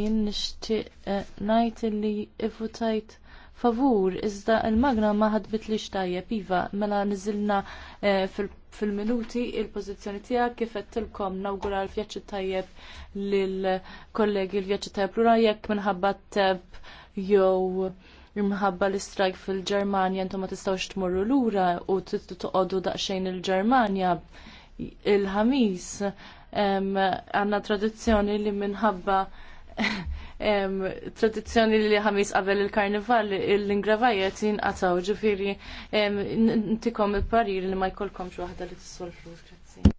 jien nixtieq eh, ngħid illi ivvutajt favur iżda l-magna ma ħadbitlix tajjeb. iva mela niżilna eh, fil-minuti il-pożizzjoni tiegħek kif qed tilkom nawgura l-vjaġġ tajjeb lil kollegi l-vjaġġ tajjeb lura jekk minħabba teb jew imħabba l-istrajk fil-Ġermanja intom ma tistgħux tmorru lura u toqogħdu daqsxejn il-Ġermanja il-ħamis għandna tradizzjoni li minħabba tradizzjoni li ħamis qabel il-karnival l-ingravajet jinqataw ġifiri ntikom il-parir li ma jkollkomx waħda li t-solfru. Grazzi.